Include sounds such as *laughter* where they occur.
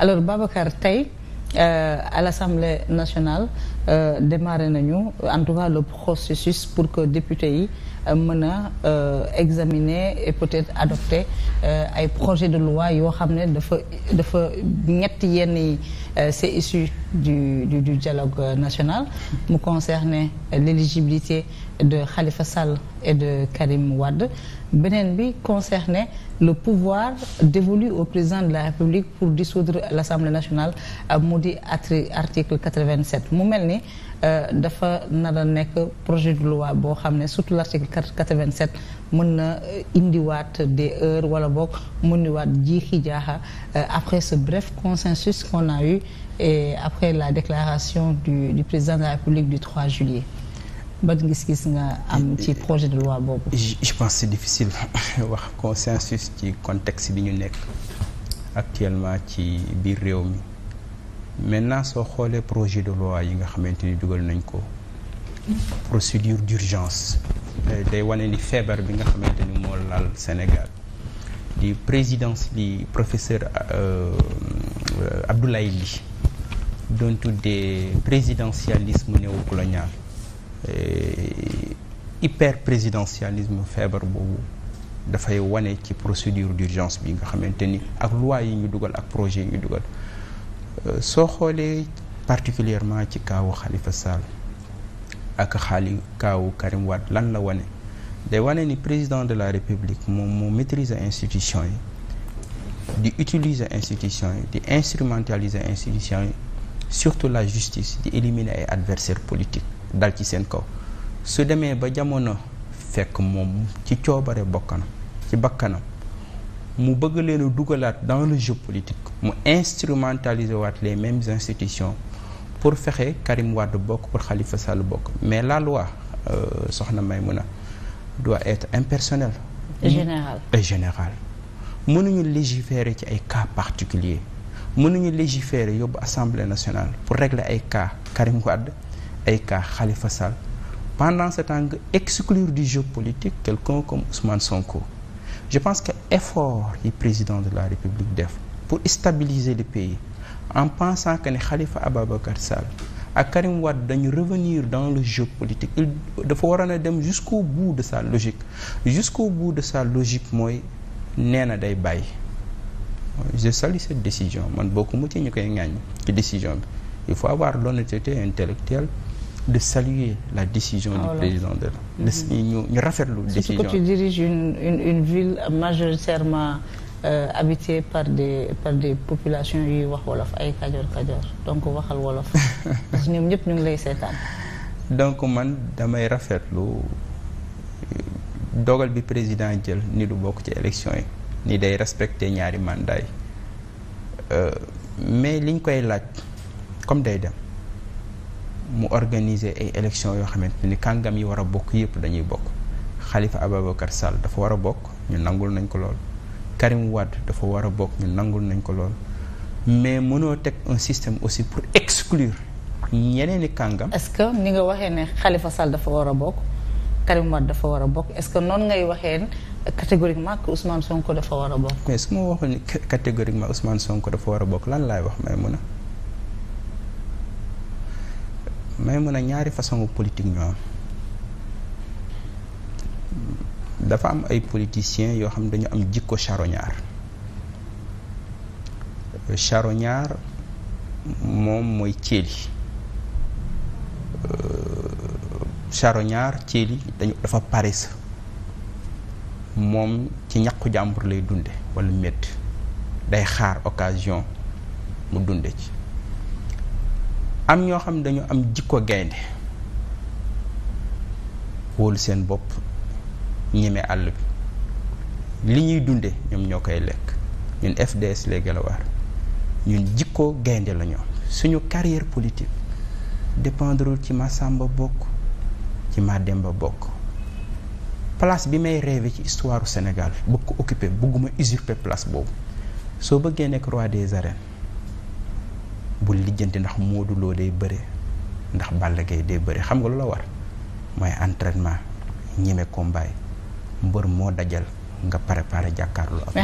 alors Babacar tey euh, à l'Assemblée nationale euh, démarré nañu en tout cas le processus pour que député yi Euh, mën a euh, examiner et peut-être adopter euh, ay projet de loi yoo xam ne dafa dafa ñetti yenn yi c'est issu du du du dialogue national mu concernait l'éligibilité de xalifa Sall et de Karim Wade beneen bi concernait le pouvoir dévolu au président de la République pour dissoudre l'Assemblée nationale mu di article 87 mu mel ni Euh, dafa nar nekk projet de loi boo xam ne surtout l'article quatre-vingt-sept mën na euh, indiwaat de heures wala boog mën niwaat jiixi jaaxa euh, après ce bref consensus qu'on a eu et après la déclaration du du président de la République du juillet ban gis-gis nga am ci projet de loi boobu. je pense c'est difficile *laughs* wax consensus ci contexte bi ñu nekk actuellement ci biir réew mi. maintenant soo xoolee projet de loi yi nga xamante ni dugal nañ ko procédure d'urgence euh, day wane ni feebar bi nga xamante ni moo laal Sénégal di présidence li professeur euh, Abdoulaye Ly doon tuddee présidentialisme néocolonial hyper présidentialisme feebar boobu dafay wane ci procédure d'urgence bi nga xamante ni ak loi yi ñu dugal ak projet yi ñu dugal Euh, soo xoolee particulièrement ci kaawu Khalifa Sall ak xaali kaawu Karim Wade lan la wane day wane ni président de la république moom moo maîtriser institution yi di utiliser institution yi di instrumentaliser institution yi surtout la justice di éliminer ay adversaires politiques dal ci seen kaw su demee ba jamono fekk moom ci coobare bokkanam ci bakkanam mu bëgg leen dugalaat dans le jeu politique mu instrumentaliser waat les mêmes institutions pour fexe Karim Wade bokk pour Khalifa Sall bokk mais la loi euh, soxna Maymuna doit être impersonnelle et générale mën générale mënuñu ci ay cas particuliers mënuñu légiférer yóbbu assemblée nationale pour régler ay cas Karim Wade ay cas xalifa Sall pendant ce temps nga exclure du jeu politique quelqu'un comme Ousmane Sonko je pense que effort yi président de la république def pour stabiliser le pays en pensant que ne Khalifa Ababacar Sall ak Karim dañu revenir dans le jeu politique il dafa waroon a dem jusqu'au bout de sa logique jusqu'au bout de sa logique mooy nee na day bàyyi je salue cette décision man mu ci ñu koy ŋàññ ci décision bi il faut avoir l'honnêteté intellectuelle de saluer la décision ah, du président de la ñu ñu rafetlu décision surtout que tu diriges une une, une ville majoritairement euh, habitée par de par des populations yuy wax wolof ay kajoor kajoor donc waxal wolof parce que ñëpp ñu ngi lay seetaan *laughs* donc man damay rafetlu euh, dogal bi président jël ni du bokk ci élection yi ni day respecter ñaari mandat yi euh, mais liñ koy laaj comme day dem mu organiser ay élections yoo xamante ni kàngam yi war a bokk yépp dañuy bokk Khalifa Ababacar Sall dafa war a bokk ñu nangul nañ ko lool Karim Wade dafa war a bokk ñu nañ ko lool mais mënoo teg un système aussi pour exclure ñeneen i kàngam. est-ce que ni nga waxee ne xalifa Sall dafa war a bokk Karim Wade dafa war a bokk est-ce que noonu ngay waxee catégoriquement que Ousmane Sonko dafa war a bokk. mais su ma waxoon catégoriquement Ousmane Sonko dafa war a bokk lan laay wax may mun a. may mën a ñaari façon politique ñoo dafa am ay politiciens yoo xam ne dañu am jikko charognard charognard moom mooy céeli euh, charognard céeli dañu dafa paris moom ci ñàkku jàmbur lay dunde walla métt day xaar occasion mu dunde ci am ñoo xam ne dañu am jikko gaynde wóolu seen bopp ñeme àll bi li ñuy dundee ñoom ñoo koy lekk ñun FDS les Guelwaar ñun jikko gaynde lañu ñoom suñu carrière politique dépendrul ci ma Samba bokk ci ma Demba bokk place bi may rêvé ci histoire Sénégal bëgg ko occuper bëgguma usurper place boobu soo bëggee nekk roi des arènes bul lijjanti ndax Modou Lo day bëre ndax Balla Gaye day bëre xam nga lu la war mooy entraînement ñime combat mbër moo dajal nga préparé jàkkaarloo.